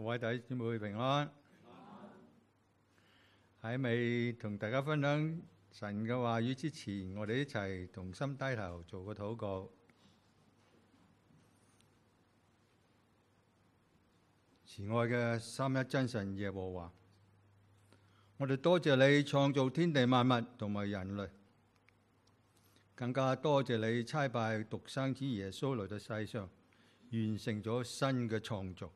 各位弟兄姊妹平安。喺未同大家分享神嘅話語之前，我哋一齊同心低頭做個禱告。慈愛嘅三一真神耶和華，我哋多謝你創造天地萬物同埋人類，更加多謝你差派獨生子耶穌來到世上，完成咗新嘅創造。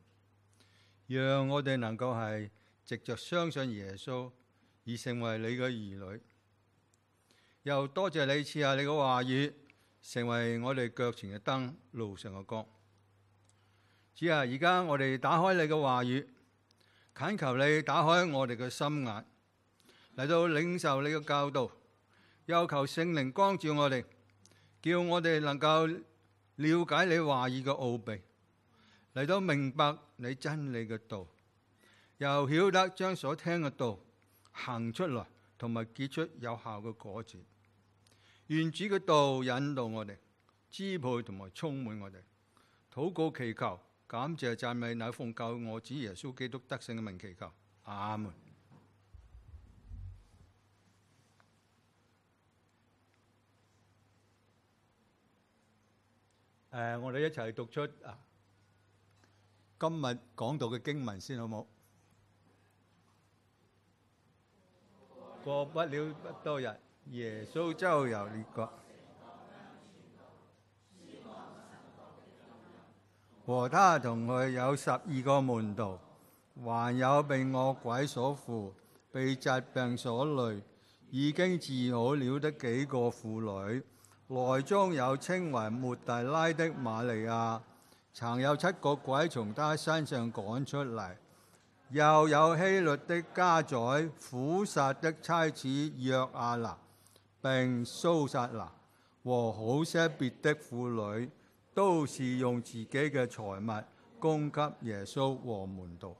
讓我哋能夠係藉着相信耶穌而成為你嘅兒女，又多謝你賜下你嘅話語，成為我哋腳前嘅燈，路上嘅光。主啊，而家我哋打開你嘅話語，懇求你打開我哋嘅心眼，嚟到領受你嘅教導，又求聖靈光照我哋，叫我哋能夠了解你話語嘅奧秘。嚟到明白你真理嘅道，又曉得將所聽嘅道行出來，同埋結出有效嘅果子。願主嘅道引導我哋，支配同埋充滿我哋。禱告祈求，感謝讚美乃奉救我主耶穌基督得勝嘅名祈求。阿門。誒、呃，我哋一齊讀出啊！今日講到嘅經文先好冇？過不了不多日，耶穌周遊列國，和他同去有十二個門徒，還有被惡鬼所附、被疾病所累、已經治好了的幾個婦女，內中有稱為抹大拉的瑪利亞。曾有七個鬼從他身上趕出嚟，又有希律的家宰苦撒的妻子約阿拿，並蘇撒拿和好些別的婦女，都是用自己嘅財物供給耶穌和門徒。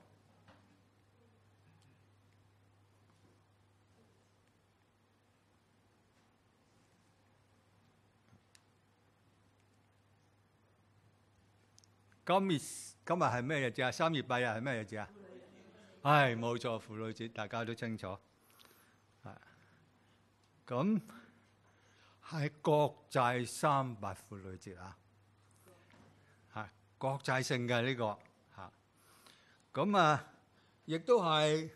今日今日係咩日子啊？三月八日係咩日子啊？婦女節，唉，冇錯，婦女節，大家都清楚。係，咁係國際三八婦女節啊，吓國際性嘅呢個吓。咁啊，亦都係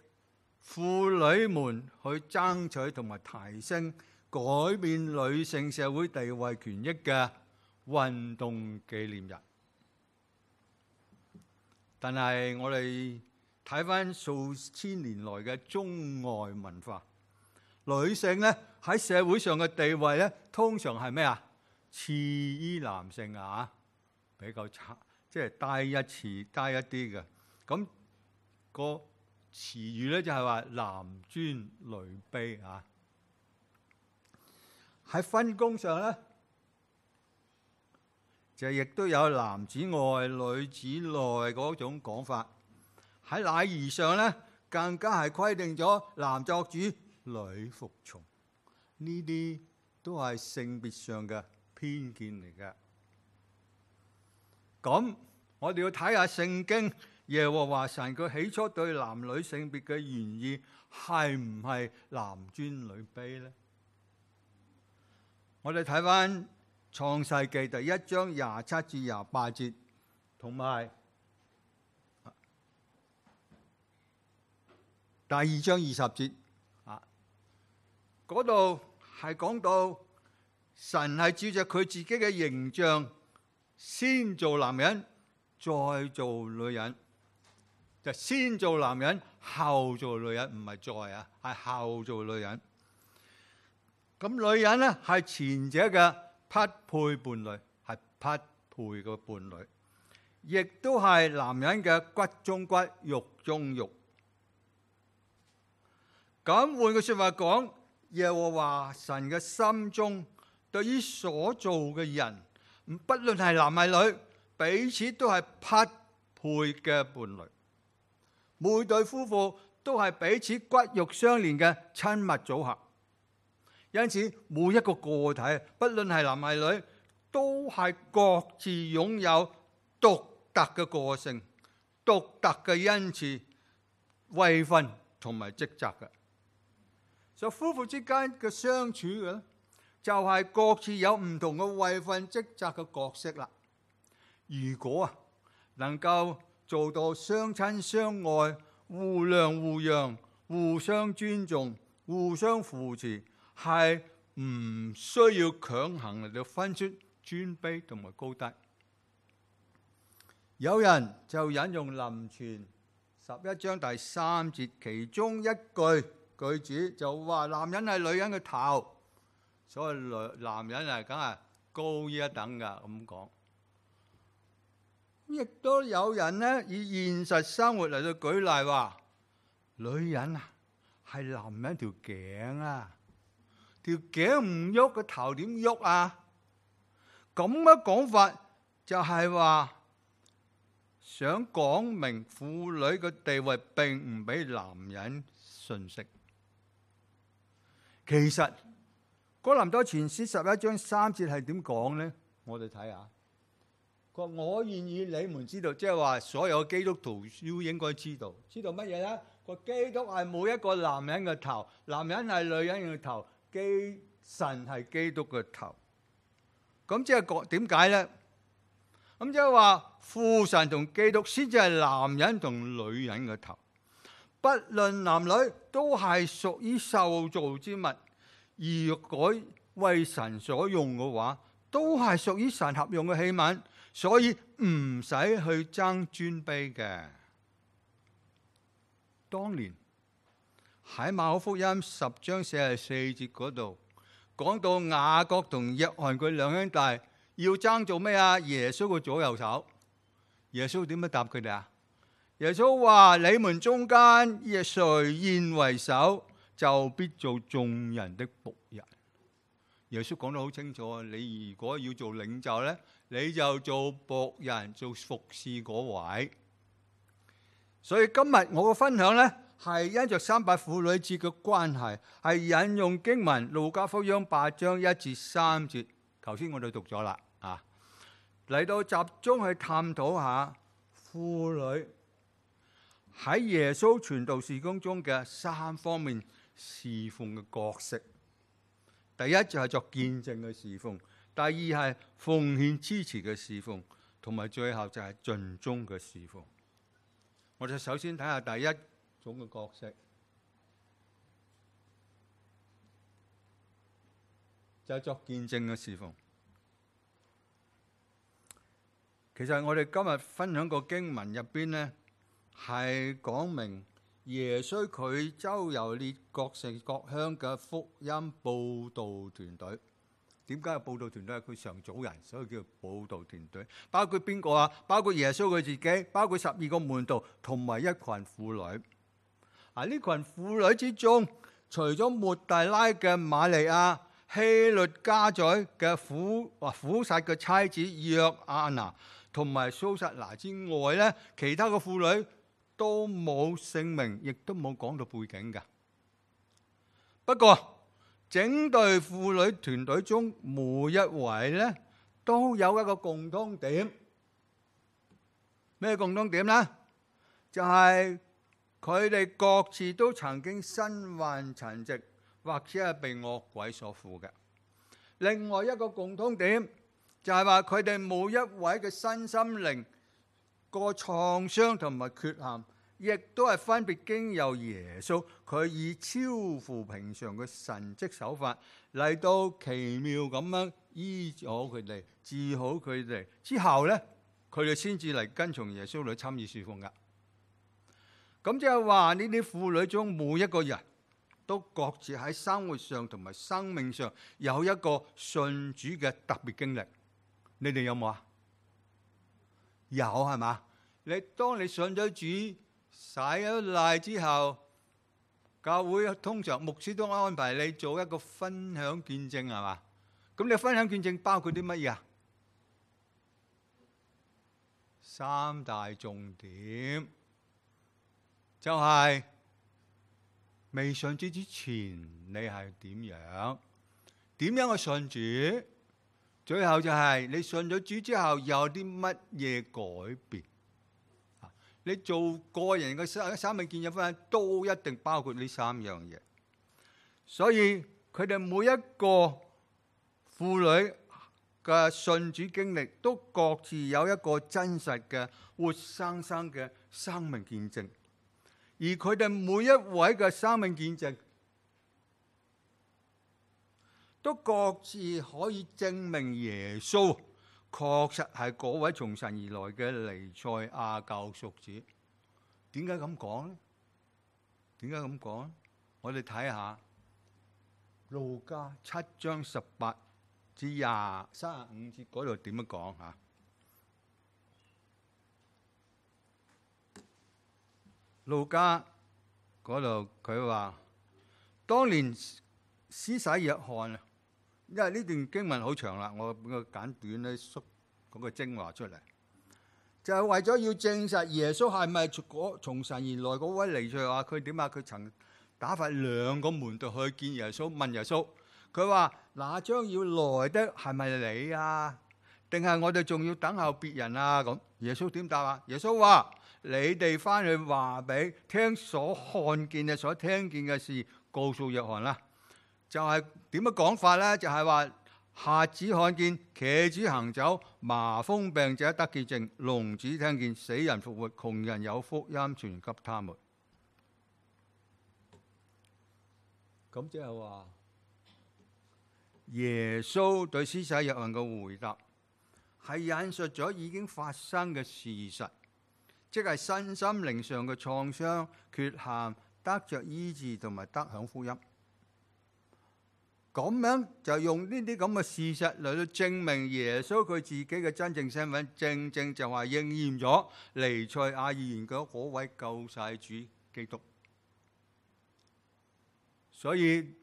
婦女們去爭取同埋提升，改變女性社會地位權益嘅運動紀念日。但係我哋睇翻數千年來嘅中外文化，女性咧喺社會上嘅地位咧，通常係咩啊？次於男性啊，比較差，即係低一詞低一啲嘅。咁個詞語咧就係話男尊女卑啊。喺分工上咧。就係亦都有男子外、女子內嗰種講法。喺禮儀上咧，更加係規定咗男作主、女服從。呢啲都係性別上嘅偏見嚟嘅。咁我哋要睇下聖經耶和華神佢起初對男女性別嘅原意係唔係男尊女卑咧？我哋睇返。創世記第一章廿七至廿八節，同埋第二章二十節，啊，嗰度係講到神係照着佢自己嘅形象，先做男人，再做女人。就先做男人，後做女人，唔係再啊，係後做女人。咁女人咧係前者嘅。匹配伴侶，係匹配嘅伴侶，亦都係男人嘅骨中骨、肉中肉。咁換句話說話講，耶和華神嘅心中對於所做嘅人，不論係男係女，彼此都係匹配嘅伴侶。每對夫婦都係彼此骨肉相連嘅親密組合。因此，每一個個體，不論係男係女，都係各自擁有獨特嘅個性、獨特嘅恩賜、位分同埋職責嘅。所以夫婦之間嘅相處嘅就係、是、各自有唔同嘅位分職責嘅角色啦。如果啊能夠做到相親相愛、互諒互讓、互相尊重、互相扶持。係唔需要強行嚟到分出尊卑同埋高低。有人就引用林前十一章第三節其中一句句子，就話男人係女人嘅頭，所以男男人啊，梗係高於一等㗎咁講。亦都有人呢以現實生活嚟到舉例話，女人啊係男人條頸啊。條頸唔喐，個頭點喐啊？咁嘅講法就係話想講明婦女嘅地位並唔比男人遜色。其實《哥林多前書》十一章三節係點講咧？我哋睇下。佢話，我願意你們知道，即係話所有基督徒應該知道，知道乜嘢咧？個基督係每一個男人嘅頭，男人係女人嘅頭。基神係基督嘅頭，咁即係講點解咧？咁即係話父神同基督先至係男人同女人嘅頭，不論男女都係屬於受造之物，而若果為神所用嘅話，都係屬於神合用嘅器皿，所以唔使去爭尊卑嘅。當年。喺馬可福音十章四十四節嗰度，講到雅各同約翰佢兩兄弟要爭做咩啊？耶穌嘅左右手，耶穌點樣答佢哋啊？耶穌話：你們中間若誰願為首，就必做眾人的僕人。耶穌講得好清楚，你如果要做領袖咧，你就做僕人，做服侍嗰位。所以今日我嘅分享咧。係因着三八婦女節嘅關係，係引用經文《路加福音》八章一至三節，頭先我哋讀咗啦啊，嚟到集中去探討下婦女喺耶穌傳道事工中嘅三方面侍奉嘅角色。第一就係作見證嘅侍奉，第二係奉獻支持嘅侍奉，同埋最後就係盡忠嘅侍奉。我就首先睇下第一。總嘅角色就係作見證嘅侍奉。其實我哋今日分享個經文入邊咧，係講明耶穌佢周遊列各城各鄉嘅福音報道團隊。點解個報道團隊係佢上組人？所以叫報道團隊。包括邊個啊？包括耶穌佢自己，包括十二個門徒，同埋一群婦女。啊！呢群婦女之中，除咗抹大拉嘅瑪利亞、希律家宰嘅苦，啊，苦撒嘅妻子約阿娜同埋蘇撒拿之外咧，其他嘅婦女都冇姓名，亦都冇講到背景嘅。不過，整隊婦女團隊中，每一位咧都有一個共通點。咩共通點咧？就係。佢哋各自都曾經身患殘疾，或者係被惡鬼所附嘅。另外一個共通點就係話，佢哋每一位嘅身心靈個創傷同埋缺陷，亦都係分別經由耶穌，佢以超乎平常嘅神蹟手法嚟到奇妙咁樣醫咗佢哋、治好佢哋。之後咧，佢哋先至嚟跟從耶穌嚟參與事奉嘅。咁即係話呢啲婦女中每一個人都各自喺生活上同埋生命上有一個信主嘅特別經歷，你哋有冇啊？有係嘛？你當你信咗主、洗咗禮之後，教會通常牧師都安排你做一個分享見證，係嘛？咁你分享見證包括啲乜嘢啊？三大重點。就係未信主之前，你係點樣？點樣去信主？最後就係你信咗主之後，有啲乜嘢改變？你做個人嘅生生命見證，都一定包括呢三樣嘢。所以佢哋每一個婦女嘅信主經歷，都各自有一個真實嘅活生生嘅生命見證。而佢哋每一位嘅生命見證，都各自可以證明耶穌確實係嗰位從神而來嘅彌賽亞救贖主。點解咁講咧？點解咁講？我哋睇下路加七章十八至廿三十五節嗰度點樣講吓。路加嗰度佢話當年施洗約翰，因為呢段經文好長啦，我比較簡短咧，縮嗰個精華出嚟，就係為咗要證實耶穌係咪嗰從神而來嗰位嚟咗啊？佢點啊？佢曾打發兩個門徒去見耶穌，問耶穌，佢話那將要來的係咪你啊？定係我哋仲要等候別人啊？咁耶穌點答啊？耶穌話。你哋翻去話俾聽所看見嘅、所聽見嘅事，告訴約翰啦。就係點樣講法咧？就係話瞎子看見、瘸子行走、麻風病者得潔淨，聾子聽見、死人復活、窮人有福音傳給他們。咁即係話耶穌對施洗約翰嘅回答，係引述咗已經發生嘅事實。即係身心靈上嘅創傷缺陷得着醫治同埋得享福音，咁樣就用呢啲咁嘅事實嚟到證明耶穌佢自己嘅真正身份，正正就係應驗咗尼賽亞預言嘅嗰位救世主基督。所以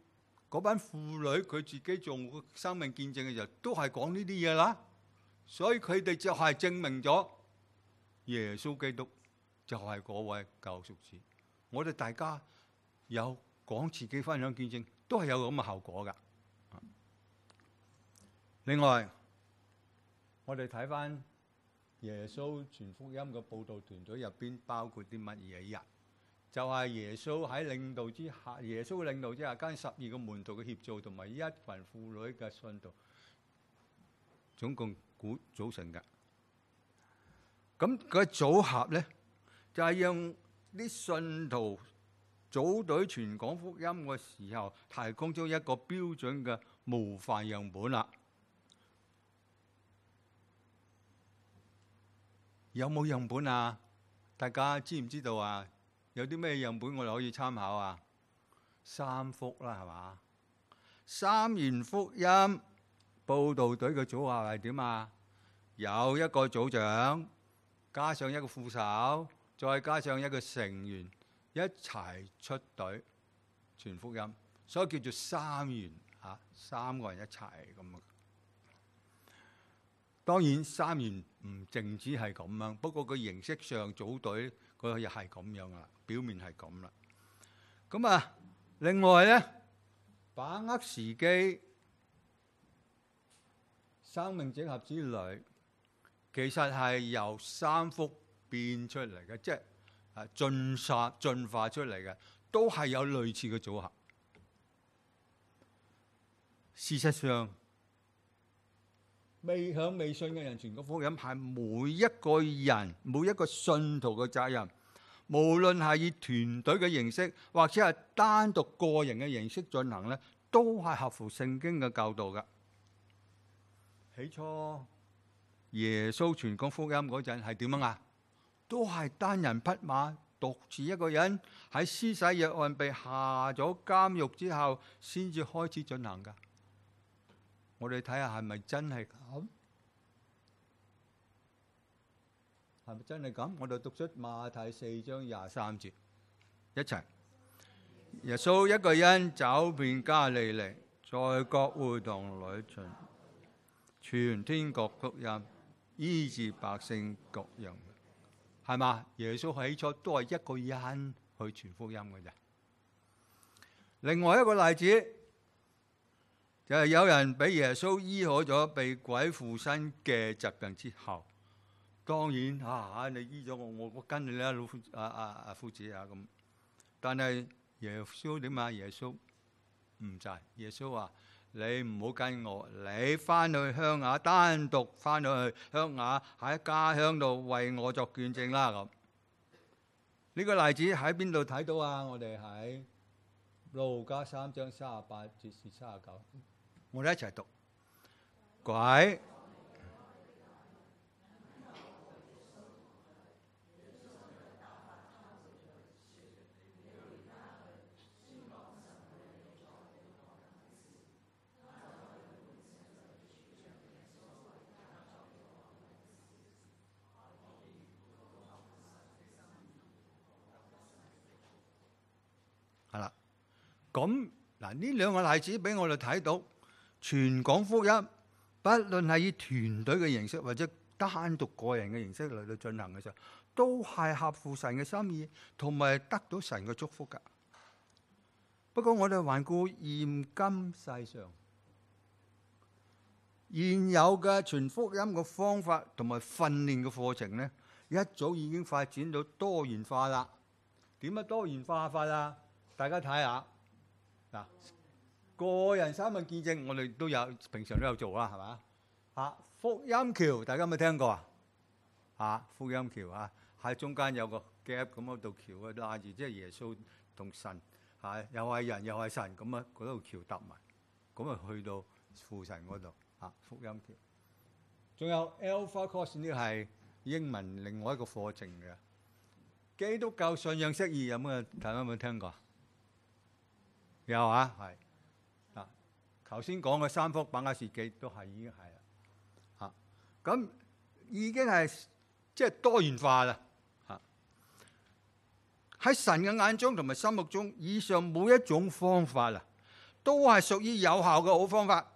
嗰班婦女佢自己做生命見證嘅時候，都係講呢啲嘢啦。所以佢哋就係證明咗。耶穌基督就係嗰位救贖主，我哋大家有講自己分享見證，都係有咁嘅效果噶。另外，我哋睇翻耶穌傳福音嘅報道團隊入邊，包括啲乜嘢人？就係、是、耶穌喺領導之下，耶穌嘅領導之下，跟十二個門徒嘅協助，同埋一群婦女嘅信道，總共古組成噶。咁個組合咧，就係用啲信徒組隊傳講福音嘅時候，提供咗一個標準嘅模範樣本啦。有冇樣本啊？大家知唔知道啊？有啲咩樣本我哋可以參考啊？三福啦，係嘛？三元福音佈道隊嘅組合係點啊？有一個組長。加上一個副手，再加上一個成員，一齊出隊傳福音，所以叫做三元吓，三個人一齊咁。當然三元唔淨止係咁樣，不過佢形式上組隊，佢又係咁樣㗎啦，表面係咁啦。咁啊，另外咧，把握時機，生命整合之旅。其實係由三幅變出嚟嘅，即、就、係、是、進殺進化出嚟嘅，都係有類似嘅組合。事實上，未響未信嘅人傳講福音係每一個人，每一個信徒嘅責任，無論係以團隊嘅形式或者係單獨個人嘅形式進行咧，都係合乎聖經嘅教導㗎。起初。耶穌傳講福音嗰陣係點樣啊？都係單人匹馬，獨自一個人。喺施洗約翰被下咗監獄之後，先至開始進行噶。我哋睇下係咪真係咁？係咪真係咁？我哋讀出馬太四章廿三節，一齊。耶穌一個人走遍加利利，在各會堂裡傳全天國福音。醫治百姓各樣，係嘛？耶穌起初都係一個人去傳福音嘅啫。另外一個例子就係、是、有人俾耶穌醫好咗被鬼附身嘅疾病之後，當然吓、啊，你醫咗我，我我跟你啦，老夫啊啊啊，父子啊咁。但係耶穌點啊？耶穌唔制，耶穌話。你唔好跟我，你翻去鄉下，單獨翻去鄉下喺家鄉度為我作見證啦咁。呢、呢個例子喺邊度睇到啊？我哋喺路加三章三十八至三十九，我哋一齊讀。拐。咁嗱，呢兩個例子俾我哋睇到，全港福音，不論係以團隊嘅形式或者單獨個人嘅形式嚟到進行嘅時候，都係合乎神嘅心意，同埋得到神嘅祝福噶。不過我哋環顧現今世上現有嘅全福音嘅方法同埋訓練嘅課程咧，一早已經發展到多元化啦。點啊多元化法啊？大家睇下。嗱，個人三份見證，我哋都有平常都有做啦，係嘛？嚇福音橋，大家有冇聽過啊？嚇福音橋啊，喺中間有個 gap 咁度橋啊，拉住即係耶穌同神嚇，又係人又係神咁啊，嗰度橋搭埋，咁啊去到父神嗰度嚇福音橋。仲有 Alpha Course 呢個係英文另外一個課程嘅基督教信仰釋義，有冇大家有冇聽過？有啊，係啊，頭先講嘅三幅板架設計都係已經係啦，吓、啊、咁已經係即係多元化啦，吓、啊、喺神嘅眼中同埋心目中，以上每一種方法啊，都係屬於有效嘅好方法，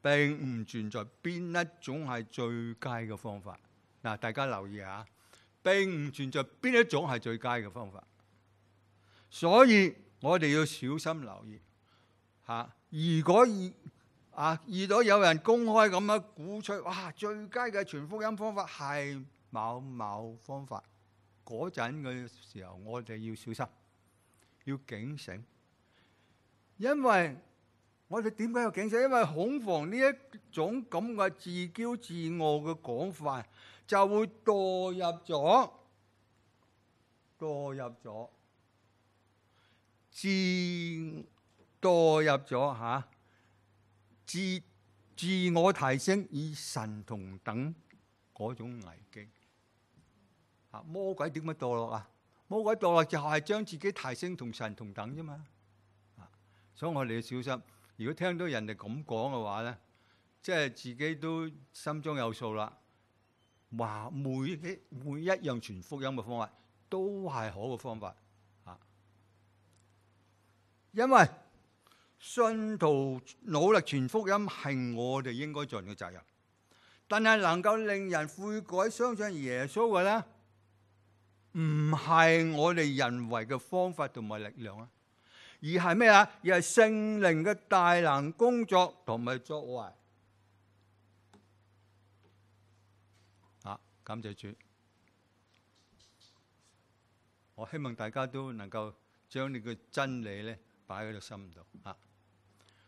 並唔存在邊一種係最佳嘅方法。嗱、啊，大家留意下，並唔存在邊一種係最佳嘅方法，所以，我哋要小心留意吓、啊，如果遇啊遇到有人公開咁樣鼓吹，哇，最佳嘅傳福音方法係某某方法嗰陣嘅時候，我哋要小心，要警醒，因為我哋點解要警醒？因為恐防呢一種咁嘅自驕自傲嘅講法，就會墮入咗墮入咗。自墮入咗吓，自自我提升以神同等嗰種危機嚇，魔鬼點樣墮落啊？魔鬼墮落就係將自己提升同神同等啫嘛。所以我哋要小心，如果聽到人哋咁講嘅話咧，即係自己都心中有數啦。話每每一樣傳福音嘅方法都係好嘅方法。因為信徒努力傳福音係我哋應該盡嘅責任，但係能夠令人悔改相信耶穌嘅咧，唔係我哋人為嘅方法同埋力量啊，而係咩啊？而係聖靈嘅大能工作同埋作為。啊，感謝主！我希望大家都能夠將呢個真理咧。擺喺度心度吓。啊，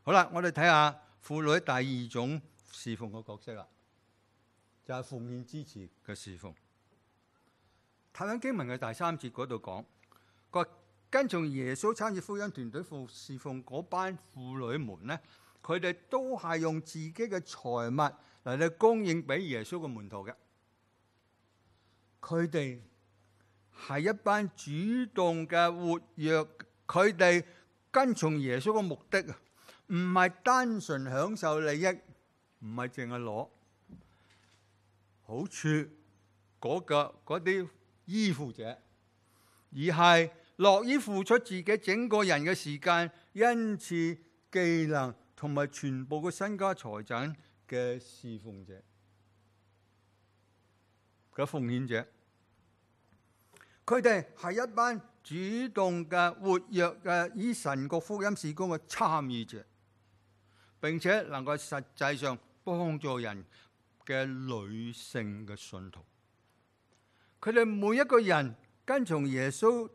好啦，我哋睇下婦女第二種侍奉個角色啦，就係、是、奉獻支持嘅侍奉。睇緊經文嘅第三節嗰度講，佢話跟從耶穌參與福音團隊服侍奉嗰班婦女們咧，佢哋都係用自己嘅財物嚟到供應俾耶穌嘅門徒嘅。佢哋係一班主動嘅活躍，佢哋。跟從耶穌嘅目的唔係單純享受利益，唔係淨係攞好處嗰個嗰啲依附者，而係樂於付出自己整個人嘅時間、恩賜、技能同埋全部嘅身家財產嘅侍奉者嘅奉獻者，佢哋係一班。主動嘅、活躍嘅，以神國福音事工嘅參與者，並且能夠實際上幫助人嘅女性嘅信徒，佢哋每一個人跟從耶穌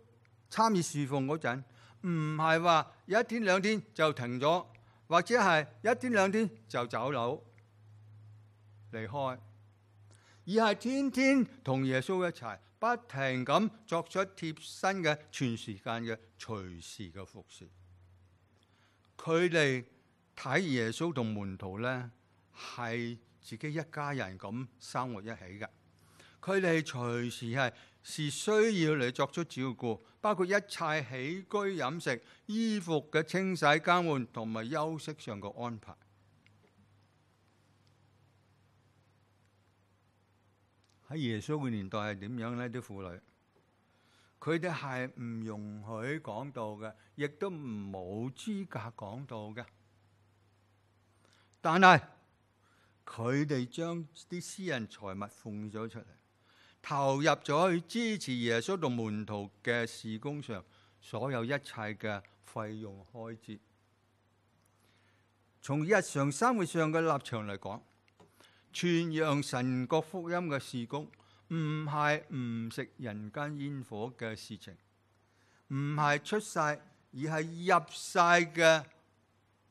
參與侍奉嗰陣，唔係話一天兩天就停咗，或者係一天兩天就走佬離開，而係天天同耶穌一齊。不停咁作出貼身嘅、全時間嘅、隨時嘅服侍。佢哋睇耶穌同門徒咧，係自己一家人咁生活一起嘅。佢哋隨時係是，是需要你作出照顧，包括一切起居、飲食、衣服嘅清洗、更換同埋休息上嘅安排。喺耶穌嘅年代係點樣咧？啲婦女，佢哋係唔容許講道嘅，亦都冇資格講道嘅。但係佢哋將啲私人財物奉咗出嚟，投入咗去支持耶穌同門徒嘅事工上所有一切嘅費用開支。從日常生活上嘅立場嚟講。傳揚神國福音嘅事工唔係唔食人間煙火嘅事情，唔係出世，而係入世嘅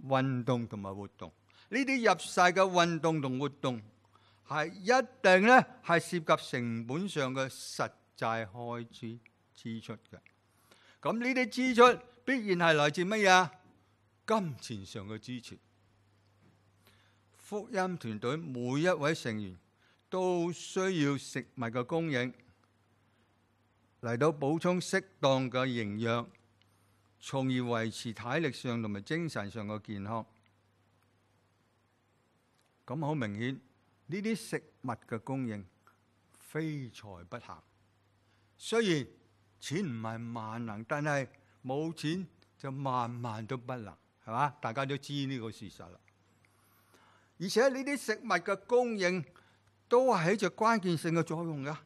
運動同埋活動。呢啲入世嘅運動同活動，係一定咧係涉及成本上嘅實際開支支出嘅。咁呢啲支出必然係來自乜嘢？金錢上嘅支持。福音團隊每一位成員都需要食物嘅供應嚟到補充適當嘅營養，從而維持體力上同埋精神上嘅健康。咁好明顯，呢啲食物嘅供應非財不行。雖然錢唔係萬能，但係冇錢就萬萬都不能，係嘛？大家都知呢個事實啦。而且呢啲食物嘅供應都係起著關鍵性嘅作用噶，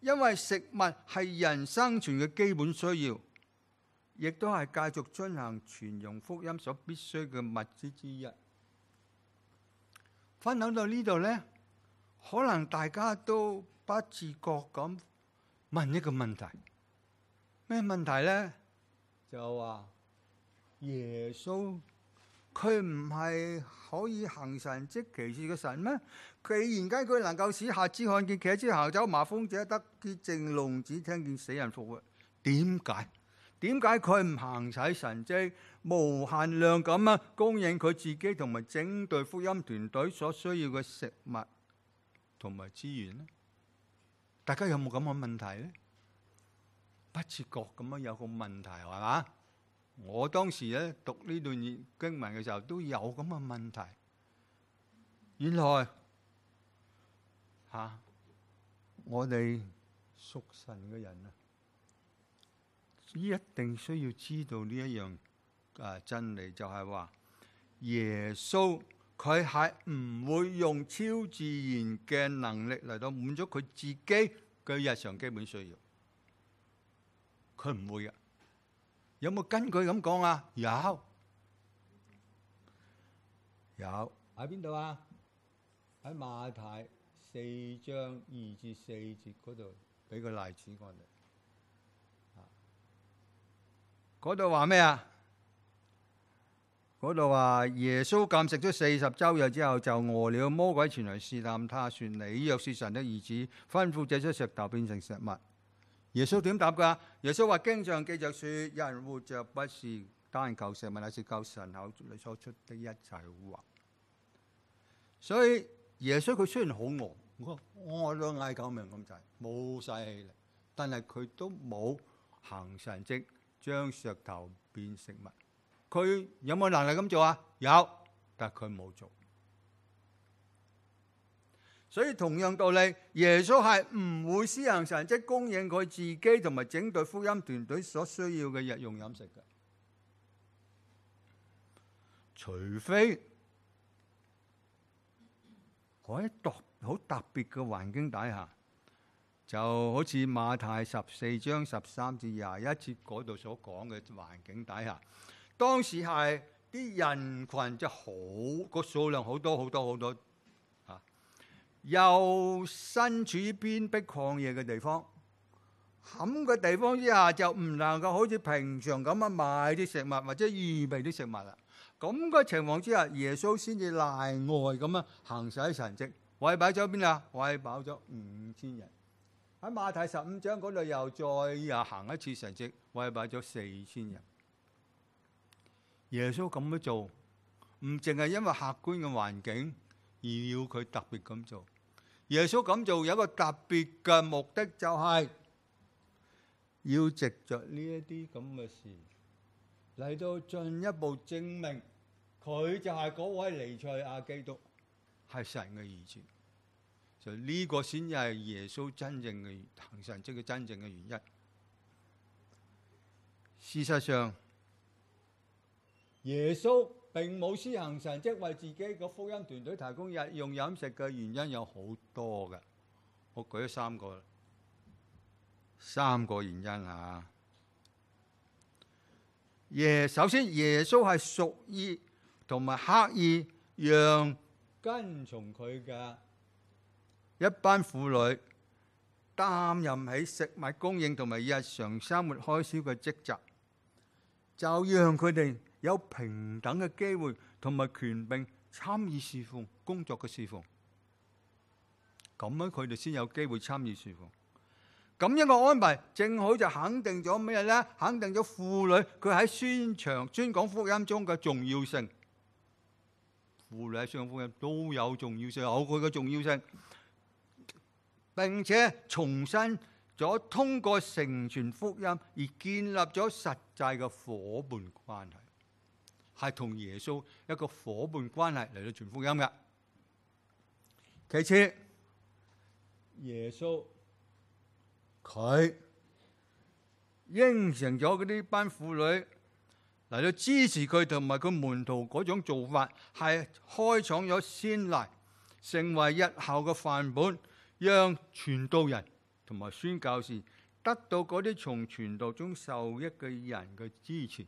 因為食物係人生存嘅基本需要，亦都係繼續進行傳揚福音所必須嘅物資之一。分享到呢度咧，可能大家都不自覺咁問一個問題，咩問題咧？就話耶穌。佢唔係可以行神跡奇事嘅神咩？佢既然佢能夠使瞎子看見，瘸子行走，麻風者得潔淨，聾子聽見，死人復活。點解？點解佢唔行晒神跡，無限量咁啊供應佢自己同埋整隊福音團隊所需要嘅食物同埋資源咧？大家有冇咁嘅問題咧？不自覺咁樣有個問題係嘛？我當時咧讀呢段經文嘅時候，都有咁嘅問題。原來吓，我哋屬神嘅人啊，一定需要知道呢一樣啊真理，就係話耶穌佢係唔會用超自然嘅能力嚟到滿足佢自己嘅日常基本需要，佢唔會嘅。有冇根據咁講啊？有，有喺邊度啊？喺馬太四章二至四節嗰度俾個例子案例。嗰度話咩啊？嗰度話耶穌禁食咗四十晝夜之後，就餓了，魔鬼前來試探他，説：你若是神的兒子，吩咐這些石頭變成食物。耶穌點答㗎？耶穌話：經常記著說，有人活着不是單靠食物，乃是靠神口你所出的一切話。所以耶穌佢雖然好餓，我餓到嗌救命咁滯，冇晒氣啦，但係佢都冇行神跡，將石頭變食物。佢有冇能力咁做啊？有，但係佢冇做。所以同樣道理，耶穌係唔會施行神蹟供應佢自己同埋整隊福音團隊所需要嘅日用飲食嘅，除非喺度好特別嘅環境底下，就好似馬太十四章十三至廿一節嗰度所講嘅環境底下，當時係啲人羣就好個數量好多好多好多。又身處於偏僻曠野嘅地方，冚嘅地方之下，就唔能夠好似平常咁啊，買啲食物或者預備啲食物啦。咁嘅情況之下，耶穌先至例外咁啊行使神蹟，餵飽咗邊啊？餵飽咗五千人。喺馬太十五章嗰度又再又行一次神蹟，餵飽咗四千人。耶穌咁樣做，唔淨係因爲客觀嘅環境而要佢特別咁做。耶穌咁做有一個特別嘅目的，就係要藉着呢一啲咁嘅事嚟到進一步證明佢就係嗰位彌賽亞基督係神嘅兒子，就呢個先至係耶穌真正嘅行神蹟嘅真正嘅原因。事實上，耶穌。並冇施行神蹟為自己個福音團隊提供日用飲食嘅原因有好多㗎，我舉咗三個喇，三個原因啊。耶，首先耶穌係善意同埋刻意讓跟從佢嘅一班婦女擔任起食物供應同埋日常生活開銷嘅職責，就讓佢哋。有平等嘅機會同埋權柄參與事奉工作嘅事奉，咁樣佢哋先有機會參與事奉。咁一個安排正好就肯定咗咩嘢咧？肯定咗婦女佢喺宣長宣講福音中嘅重要性。婦女喺宣講福音都有重要性，有佢嘅重要性。並且重申咗通過承傳福音而建立咗實際嘅夥伴關係。係同耶穌一個伙伴關係嚟到傳福音嘅。其次，耶穌佢應承咗嗰啲班婦女嚟到支持佢同埋佢門徒嗰種做法，係開創咗先例，成為日後嘅範本，讓傳道人同埋宣教士得到嗰啲從傳道中受益嘅人嘅支持。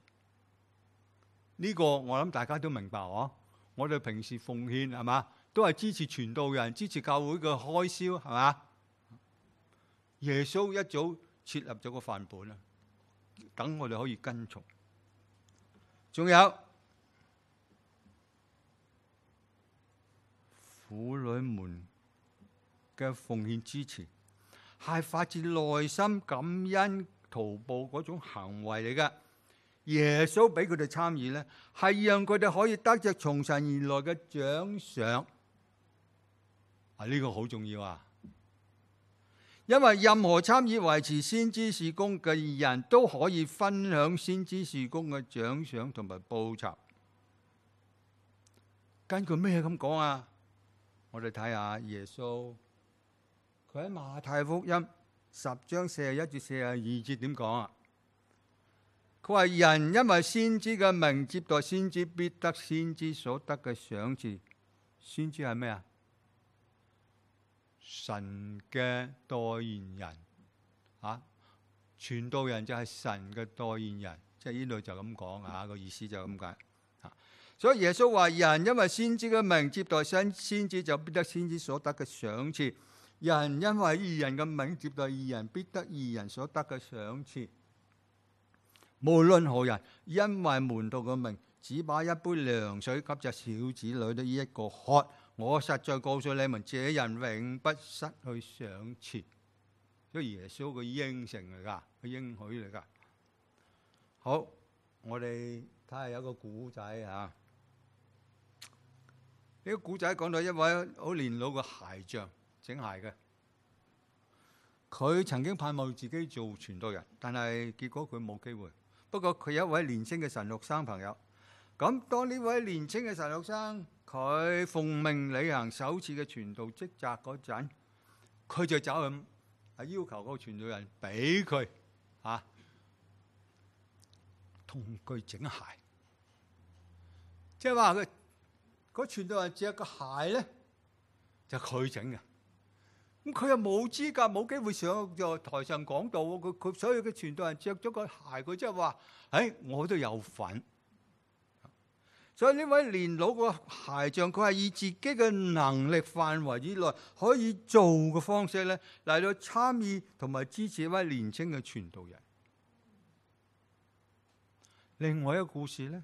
呢、這個我諗大家都明白喎、哦，我哋平時奉獻係嘛，都係支持傳道人、支持教會嘅開銷係嘛。耶穌一早設立咗個範本啦，等我哋可以跟從。仲有婦女們嘅奉獻支持，係發自內心感恩圖報嗰種行為嚟㗎。耶穌俾佢哋參與咧，係讓佢哋可以得着從神而來嘅獎賞。啊，呢個好重要啊！因為任何參與維持先知事工嘅人都可以分享先知事工嘅獎賞同埋報酬。根據咩咁講啊？我哋睇下耶穌，佢喺馬太福音十章四十一至四十二節點講啊？佢話，人因為先知嘅名接待先知，必得先知所得嘅賞賜。先知係咩啊？神嘅代言人啊？傳道人就係神嘅代言人，即係呢度就咁講吓，個意思就咁解。吓，所以耶穌話，人因為先知嘅名接待先先知，就必得先知所得嘅賞賜。人因為義人嘅名接待義人，必得義人所得嘅賞賜。無論何人，因為門徒嘅名，只把一杯涼水給只小子女都依一個喝。我實在告訴你們，這人永不失去賞賜。所以耶穌佢應承嚟噶，佢應許嚟噶。好，我哋睇下有個古仔啊。呢、這個古仔講到一位好年老嘅鞋匠，整鞋嘅。佢曾經盼望自己做傳道人，但係結果佢冇機會。不過佢有一位年輕嘅神學生朋友，咁當呢位年輕嘅神學生佢奉命履行首次嘅傳道職責嗰陣，佢就走去喺要求個傳道人俾佢嚇同佢整鞋，即係話佢個傳道人著個鞋咧就佢整嘅。咁佢又冇資格、冇機會上台上講道，佢佢所有嘅傳道人着咗個鞋之後說，佢即係話：誒，我都有份。所以呢位年老嘅鞋匠，佢係以自己嘅能力範圍之內可以做嘅方式咧，嚟到參與同埋支持一位年青嘅傳道人。另外一個故事咧。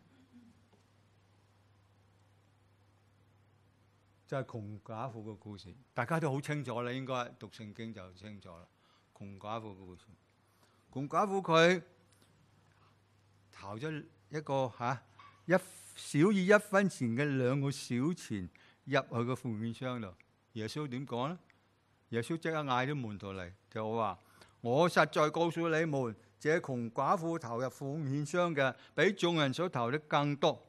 就係窮寡婦嘅故事，大家都好清楚啦。應該讀聖經就清楚啦。窮寡婦嘅故事，窮寡婦佢投咗一個吓、啊，一小於一分錢嘅兩個小錢入去個奉獻箱度。耶穌點講咧？耶穌即刻嗌啲門徒嚟，就話：我實在告訴你們，這窮寡婦投入奉獻箱嘅，比眾人所投的更多。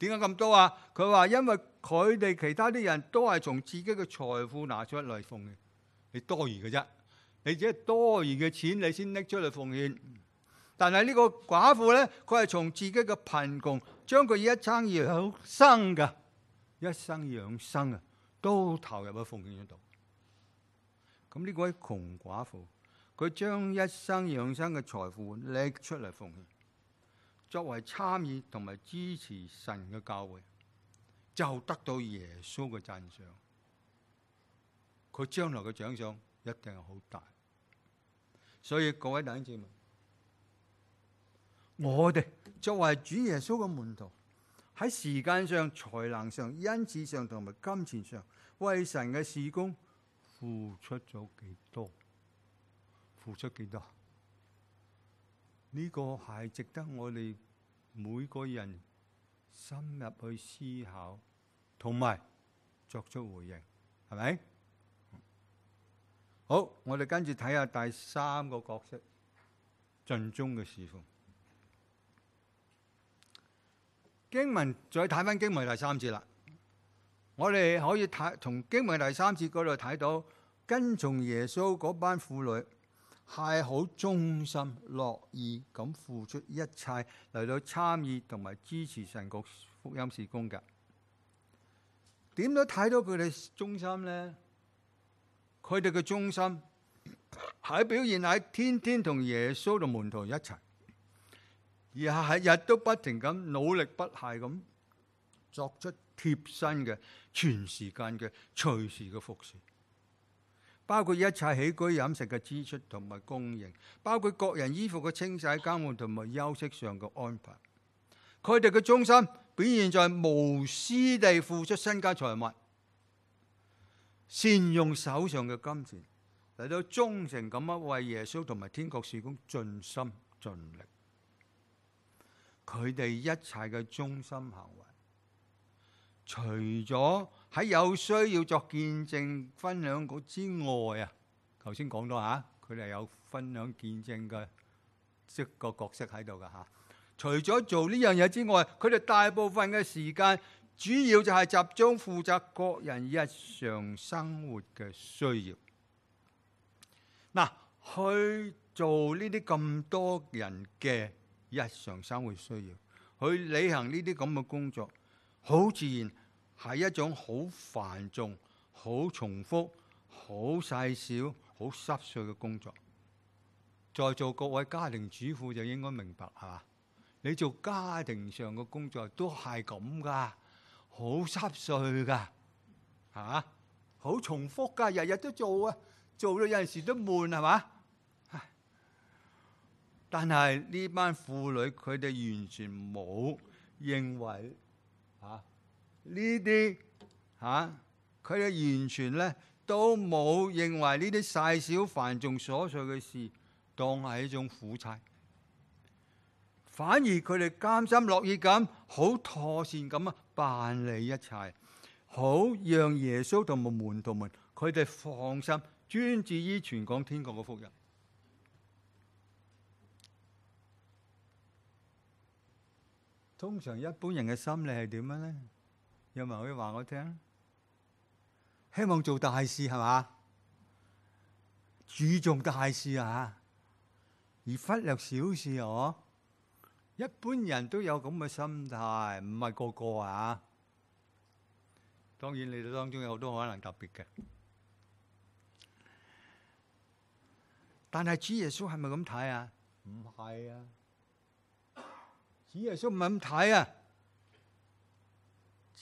點解咁多啊？佢話，因為佢哋其他啲人都係從自己嘅財富拿出嚟奉獻，你多餘嘅啫。你只係多餘嘅錢，你先拎出嚟奉獻。但係呢個寡婦咧，佢係從自己嘅貧窮，將佢一生養生嘅一生養生啊，都投入去奉獻喺度。咁呢位窮寡婦，佢將一生養生嘅財富拎出嚟奉獻。作為參與同埋支持神嘅教會，就得到耶穌嘅讚賞。佢將來嘅獎賞一定係好大。所以各位弟兄姊妹，我哋作為主耶穌嘅門徒，喺時間上、才能上、恩賜上同埋金錢上，為神嘅事工付出咗幾多？付出幾多？呢個係值得我哋每個人深入去思考，同埋作出回應，係咪？好，我哋跟住睇下第三個角色，盡忠嘅侍奉。經文再睇翻經文第三節啦，我哋可以睇從經文第三節嗰度睇到跟從耶穌嗰班婦女。太好忠心樂意咁付出一切嚟到參與同埋支持神國福音事工嘅，點都睇到佢哋忠心咧？佢哋嘅忠心喺表現喺天天同耶穌同門徒一齊，而係日日都不停咁努力不懈咁作出貼身嘅全時間嘅隨時嘅服侍。包括一切起居飲食嘅支出同埋供應，包括各人衣服嘅清洗、交換同埋休息上嘅安排。佢哋嘅忠心表現在無私地付出身家財物，善用手上嘅金錢，嚟到忠誠咁樣為耶穌同埋天國事工盡心盡力。佢哋一切嘅忠心行為，除咗。喺有需要作見證分享嗰之外啊，頭先講到吓，佢哋有分享見證嘅即個角色喺度噶吓，除咗做呢樣嘢之外，佢哋大部分嘅時間主要就係集中負責各人日常生活嘅需要。嗱，去做呢啲咁多人嘅日常生活需要，去履行呢啲咁嘅工作，好自然。係一種好繁重、好重複、好細小、好濕碎嘅工作。在座各位家庭主婦就應該明白係嘛？你做家庭上嘅工作都係咁㗎，好濕碎㗎，嚇、啊，好重複㗎，日日都做啊，做到有陣時都悶係嘛？但係呢班婦女佢哋完全冇認為嚇。啊呢啲吓，佢、啊、哋完全咧都冇認為呢啲細小繁重瑣碎嘅事，當係一種苦差，反而佢哋甘心樂意咁，好妥善咁啊辦理一切，好讓耶穌同埋門徒們佢哋放心，專注於傳講天國嘅福音。通常一般人嘅心理係點樣咧？有冇可以話我聽？希望做大事係嘛，注重大事啊，而忽略小事哦、啊。一般人都有咁嘅心態，唔係個個啊。當然你哋當中有好多可能特別嘅，但係主耶穌係咪咁睇啊？唔係啊，主耶穌唔係咁睇啊。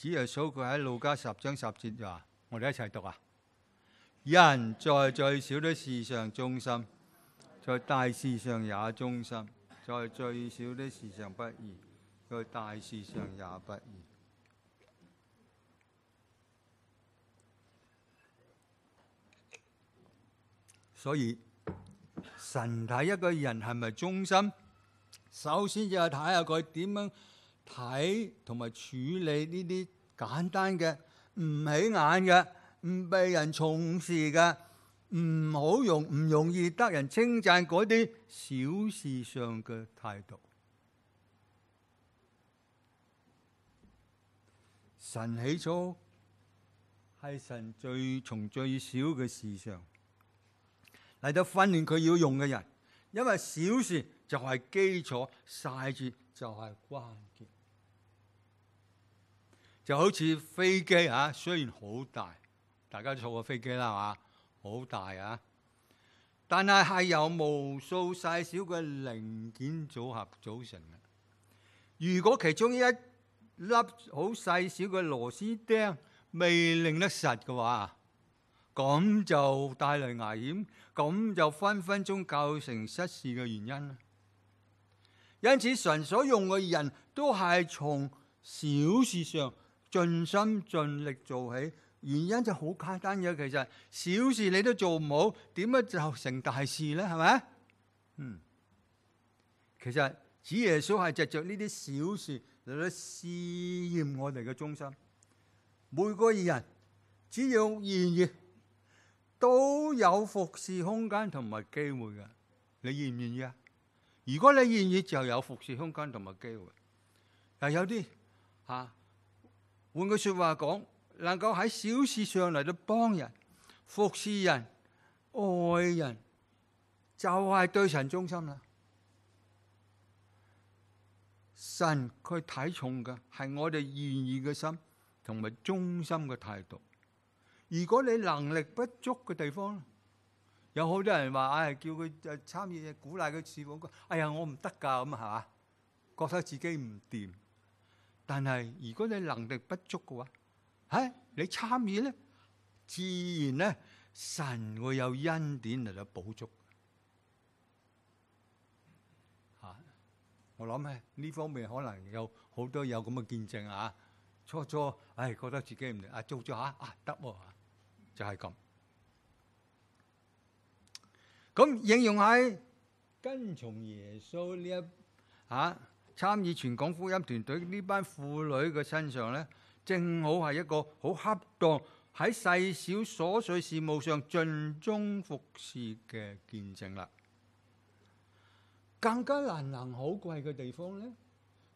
只係數佢喺路加十章十節話，我哋一齊讀啊！人在最小的事上忠心，在大事上也忠心；在最小的事上不義，在大事上也不義。所以神睇一個人係咪忠心，首先就係睇下佢點樣。睇同埋處理呢啲簡單嘅、唔起眼嘅、唔被人重視嘅、唔好容、唔容易得人稱讚嗰啲小事上嘅態度，神起初係神最從最小嘅事上嚟到訓練佢要用嘅人，因為小事就係基礎，晒住就係關鍵，就好似飛機啊，雖然好大，大家都坐過飛機啦嘛，好大啊，但係係由無數細小嘅零件組合組成嘅。如果其中一粒好細小嘅螺絲釘未擰得實嘅話，咁就帶嚟危險，咁就分分鐘構成失事嘅原因。因此，神所用嘅人都係從小事上。盡心盡力做起，原因就好簡單嘅。其實小事你都做唔好，點樣就成大事咧？係咪？嗯，其實主耶穌係藉着呢啲小事嚟到試驗我哋嘅忠心。每個人只要願意，都有服侍空間同埋機會嘅。你願唔願意啊？如果你願意，就有服侍空間同埋機會。但有啲吓。啊換句話說話講，能夠喺小事上嚟到幫人、服侍人、愛人，就係、是、對神忠心啦。神佢睇重嘅係我哋願意嘅心，同埋忠心嘅態度。如果你能力不足嘅地方，有好多人話，唉，叫佢就參與鼓勵佢試過。佢，哎呀，我唔得噶，咁吓，係覺得自己唔掂。.但係如果你能力不足嘅話，唉，你參與咧，自然咧，神會有恩典嚟到補足。嚇，我諗咧，呢方面可能有好多有咁嘅見證啊！初初唉，覺得自己唔，啊做咗下啊得喎，就係咁。咁應用喺跟從耶穌呢一嚇。參與全港福音團隊呢班婦女嘅身上咧，正好係一個好恰當喺細小瑣碎事務上盡忠服侍嘅見證啦。更加難能可貴嘅地方咧，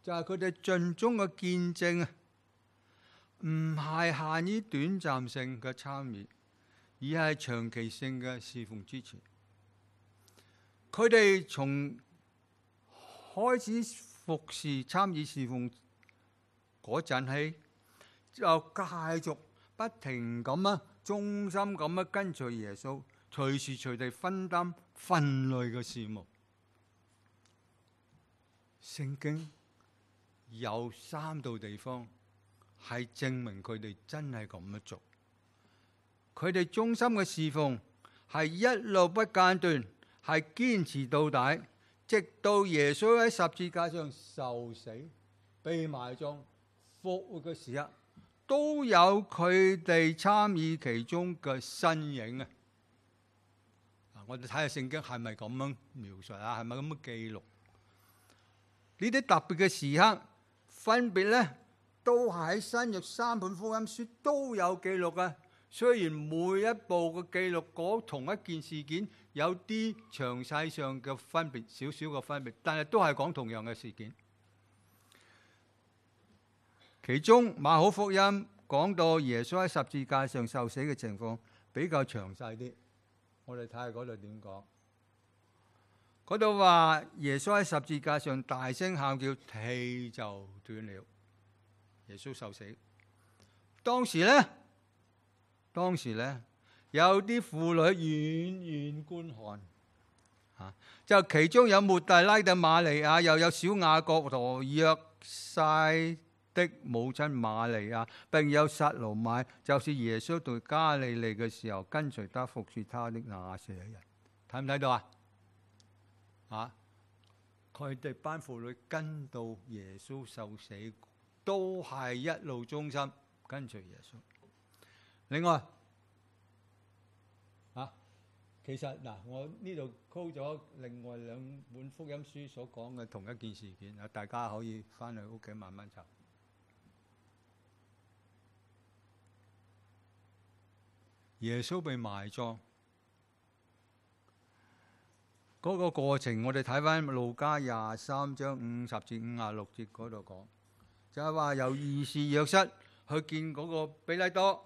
就係佢哋盡忠嘅見證啊，唔係限於短暫性嘅參與，而係長期性嘅侍奉支持。佢哋從開始服侍、參與侍奉嗰陣，起就繼續不停咁啊，忠心咁啊跟隨耶穌，隨時隨地分擔分類嘅事務。聖經有三度地方係證明佢哋真係咁樣做，佢哋忠心嘅侍奉係一路不間斷，係堅持到底。直到耶穌喺十字架上受死，被埋葬，復活嘅時刻，都有佢哋參與其中嘅身影啊！我哋睇下聖經係咪咁樣描述啊？係咪咁樣記錄？呢啲特別嘅時刻，分別咧都係喺新約三本福音書都有記錄嘅。雖然每一部嘅記錄嗰同一件事件。有啲詳細上嘅分別，少少嘅分別，但係都係講同樣嘅事件。其中馬可福音講到耶穌喺十字架上受死嘅情況比較詳細啲。我哋睇下嗰度點講。嗰度話耶穌喺十字架上大聲喊叫，氣就斷了。耶穌受死。當時呢，當時咧，當時咧，有啲婦女遠遠觀看，啊！就其中有抹大拉的瑪利亞，又有小雅各同約西的母親瑪利亞，並有撒羅米，就是耶穌到加利利嘅時候跟隨他服侍他的那些人，睇唔睇到啊？啊！佢哋班婦女跟到耶穌受死，都係一路忠心跟隨耶穌。另外，其實嗱，我呢度 call 咗另外兩本福音書所講嘅同一件事件，大家可以翻去屋企慢慢查。耶穌被埋葬嗰個過程，我哋睇翻路加廿三章五十至五十六節嗰度講，就係話有議士約瑟去見嗰個彼拉多，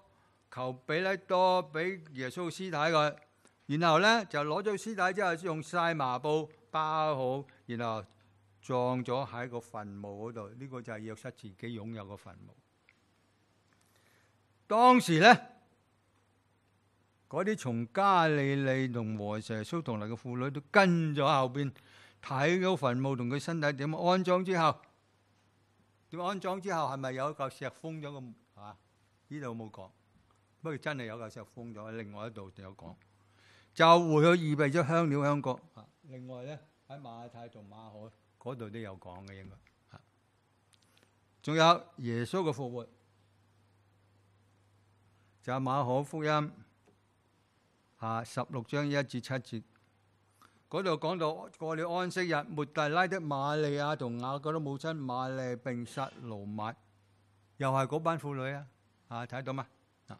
求彼拉多俾耶穌屍體佢。然後咧就攞咗屍體之後，用晒麻布包好，然後葬咗喺個墳墓嗰度。呢個就係約瑟自己擁有個墳墓。當時咧，嗰啲從加利利同和耶穌同嚟嘅婦女都跟咗後邊，睇到墳墓同佢身體點樣安葬之後，點安葬之後係咪有嚿石封咗個？係嘛？呢度冇講，不過真係有嚿石封咗，另外一度就有講。就會去預備咗香料香膏。另外咧，喺馬太同馬可嗰度都有講嘅，應該。仲有耶穌嘅復活，就係馬可福音下十六章一至七節嗰度講到過了安息日，抹大拉的馬利亞同雅各的母親馬利亞並撒羅麥，又係嗰班婦女啊，啊睇到嘛？啊，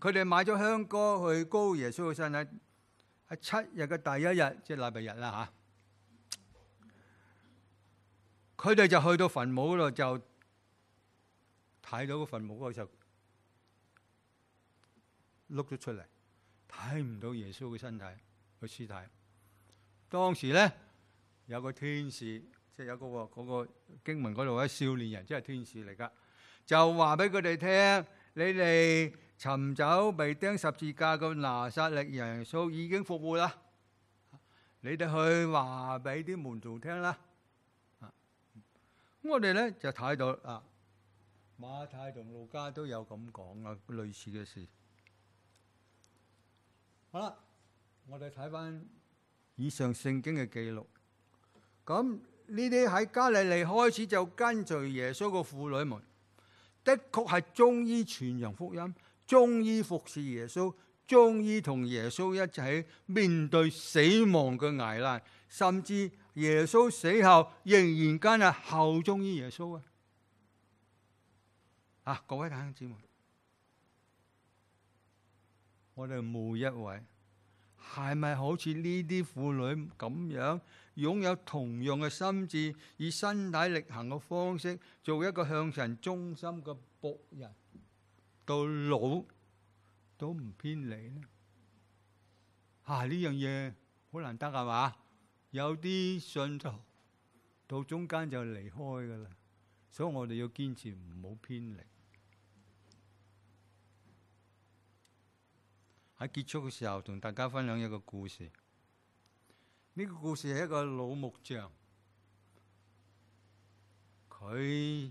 佢哋買咗香膏去膏耶穌嘅身體。七日嘅第一日，即係禮拜日啦吓，佢哋就去到墳墓嗰度，就睇到個墳墓嗰時候碌咗出嚟，睇唔到耶穌嘅身體，個屍體。當時咧有個天使，即係有個嗰個經文嗰度話少年人，即係天使嚟噶，就話俾佢哋聽，你哋。尋找被釘十字架嘅拿撒勒人耶穌已經復活啦！你哋去話俾啲門徒聽啦。咁我哋咧就睇到啊，馬太同路加都有咁講啊，類似嘅事。好啦，我哋睇翻以上聖經嘅記錄。咁呢啲喺加利利開始就跟隨耶穌嘅婦女們，的確係忠於傳揚福音。忠於服侍耶穌，忠於同耶穌一齊面對死亡嘅危難，甚至耶穌死後仍然間啊效忠於耶穌啊！啊，各位弟兄姊妹，我哋冇一位係咪好似呢啲婦女咁樣擁有同樣嘅心智，以身體力行嘅方式做一個向神忠心嘅僕人？到老都唔偏離咧，啊，呢樣嘢好難得係嘛？有啲信徒到中間就離開噶啦，所以我哋要堅持唔好偏離。喺結束嘅時候，同大家分享一個故事。呢個故事係一個老木匠，佢。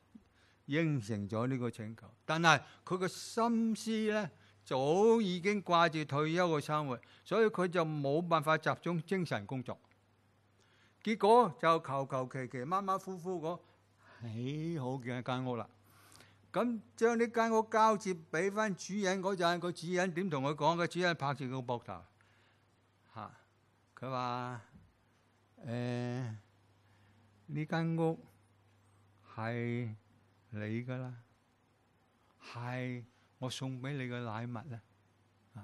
應承咗呢個請求，但係佢個心思咧，早已經掛住退休嘅生活，所以佢就冇辦法集中精神工作。結果就求求其其、馬馬虎虎，個、哎、起好嘅一間屋啦。咁將呢間屋交接俾翻主人嗰陣，個主人點同佢講？個主人拍住個膊頭，吓佢話：誒、呃，呢間屋係，你噶啦，係我送俾你嘅禮物啊！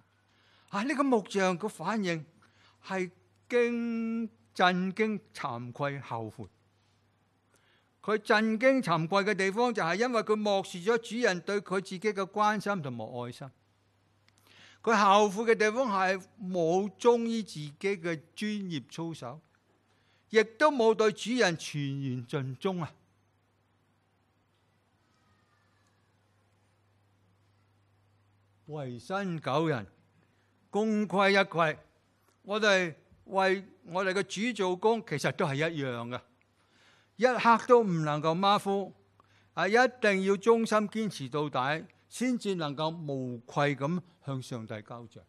啊，呢、這個木匠個反應係驚、震驚、慚愧、後悔。佢震驚慚愧嘅地方就係因為佢漠視咗主人對佢自己嘅關心同埋愛心。佢後悔嘅地方係冇忠於自己嘅專業操守，亦都冇對主人全然盡忠啊！為山九仞，功虧一簣。我哋為我哋嘅主做工，其實都係一樣嘅，一刻都唔能夠馬虎，一定要忠心堅持到底，先至能夠無愧咁向上帝交賬。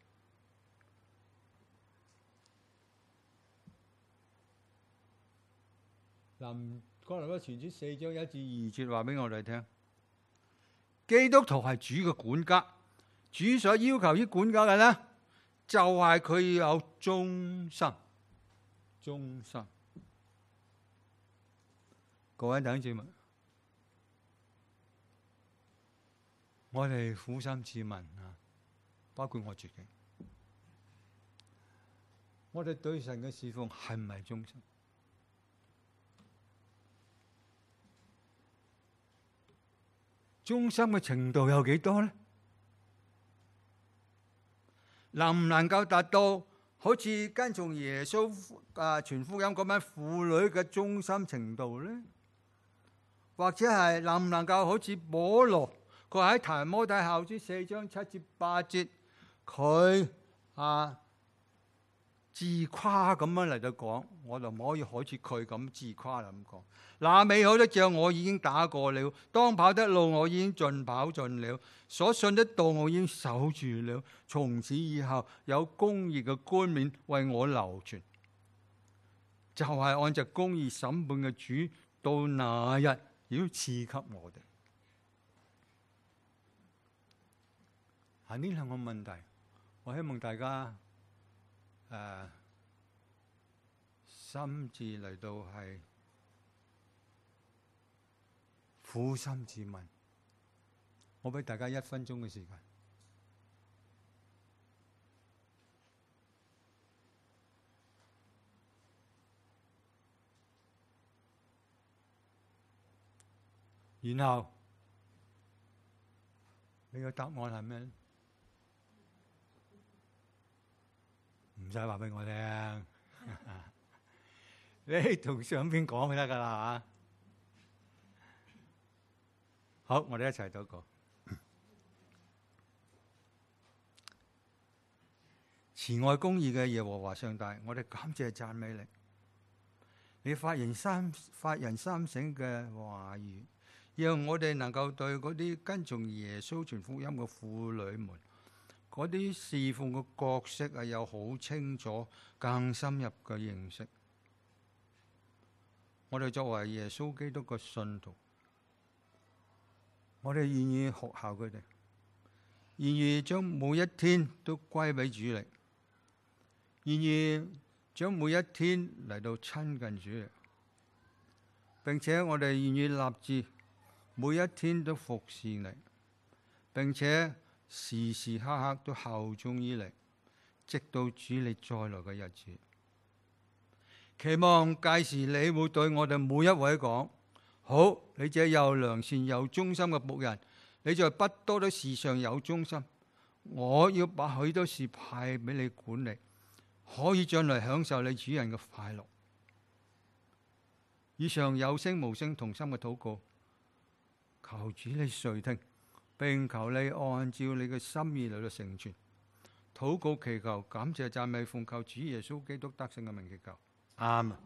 嗱，各位，哥林多前書四章一至二節話俾我哋聽。基督徒係主嘅管家。主所要求於管家嘅咧，就係、是、佢有忠心。忠心，各位弟兄姊妹，我哋苦心自問啊，包括我自己，我哋對神嘅侍奉係唔係忠心？忠心嘅程度有幾多咧？能唔能夠達到好似跟從耶穌啊傳福音嗰班婦女嘅忠心程度咧？或者係能唔能夠好似保羅佢喺提摩太後書四章七節八節佢啊？自誇咁樣嚟到講，我就唔可以好似佢咁自誇啦，咁講。那美好的仗我已經打過了，當跑的路我已經盡跑盡了，所信的道我已經守住了。從此以後有公義嘅冠冕為我流傳，就係、是、按照公義審判嘅主，到那日要賜給我哋。係呢兩個問題，我希望大家。誒、uh，甚至嚟到係苦心自問，我俾大家一分鐘嘅時間，然後你嘅答案係咩？唔使話俾我聽， 你同上邊講就得噶啦，係好，我哋一齊禱告。慈愛公義嘅耶和華上帝，我哋感謝讚美你。你發人深發人深省嘅話語，讓我哋能夠對嗰啲跟從耶穌傳福音嘅婦女們。嗰啲侍奉嘅角色係有好清楚、更深入嘅認識。我哋作為耶穌基督嘅信徒，我哋願意學效佢哋，願意將每一天都歸畀主力，願意將每一天嚟到親近主力。並且我哋願意立志每一天都服侍你，並且。時時刻刻都效忠於你，直到主你再來嘅日子，期望屆時你會對我哋每一位講：好，你這又良善、又忠心嘅僕人，你在不多的事上有忠心，我要把許多事派俾你管理，可以將來享受你主人嘅快樂。以上有聲無聲同心嘅禱告，求主你垂聽。並求你按照你嘅心意嚟到成全，禱告祈求，感謝讚美奉求主耶穌基督得勝嘅名祈求，阿門。